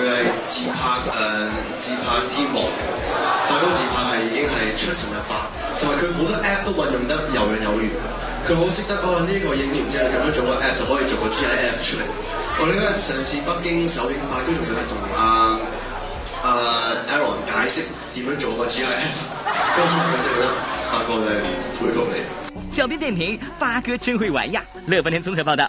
佢係自拍，誒、呃、自拍天王嘅，發哥自拍係已經係出神入化，同埋佢好多 app 都運用得游刃有餘，佢好識得哦呢、這個影完之後咁樣做個 app 就可以做個 GIF 出嚟。我呢個上次北京首映快啲仲要係同阿阿 Alan 解釋點樣做個 GIF，我就覺得發哥就佩服你。小編點評：發哥真會玩呀！樂半天綜合報道。